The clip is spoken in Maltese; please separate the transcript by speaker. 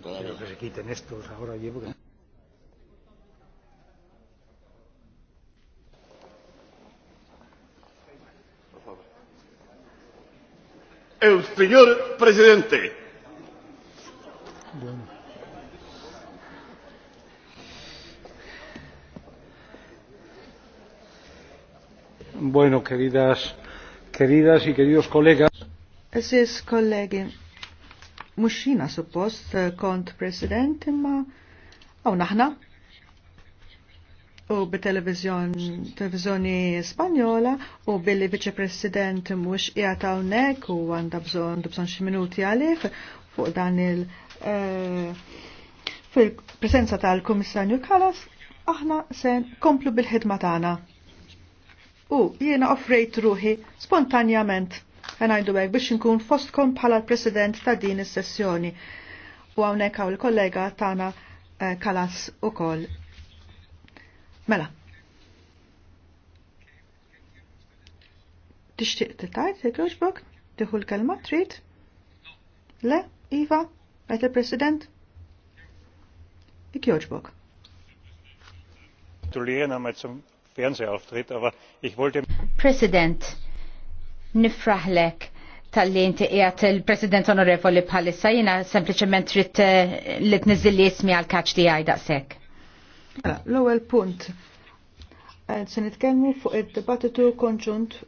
Speaker 1: todavía. que se quiten estos ahora allí porque... El señor presidente. Bueno. bueno, queridas, queridas y queridos colegas. Así es, colegas mux jina suppost eh, kont president imma għaw naħna u bit-televizjoni spanjola u billi viċe-president mux qiegħed hawnhekk u għanda bżon bżon xi minuti għalih fuq dan il- uh, fil-presenza tal-Komissarju Kalas aħna sen komplu bil-ħidma tagħna. U jiena offrejt ruħi spontanjament għanajdu għek biex nkun fostkom bħala l-president ta' din is-sessjoni. U għawnek għaw il-kollega tana eh, Kalas u kol. Mela. t-tajt, t jek t l-kelma, trid? Le, Iva, għajt il-president?
Speaker 2: Ik joġbok. President, nifraħlek tal-li inti qiegħed il-President Onorevoli bħalissa jiena sempliċement trid eh, li tniżilli ismi għal kaċ tiegħi daqshekk. Mela,
Speaker 1: l-ewwel punt eh, se nitkellmu fuq id-dibattitu konġunt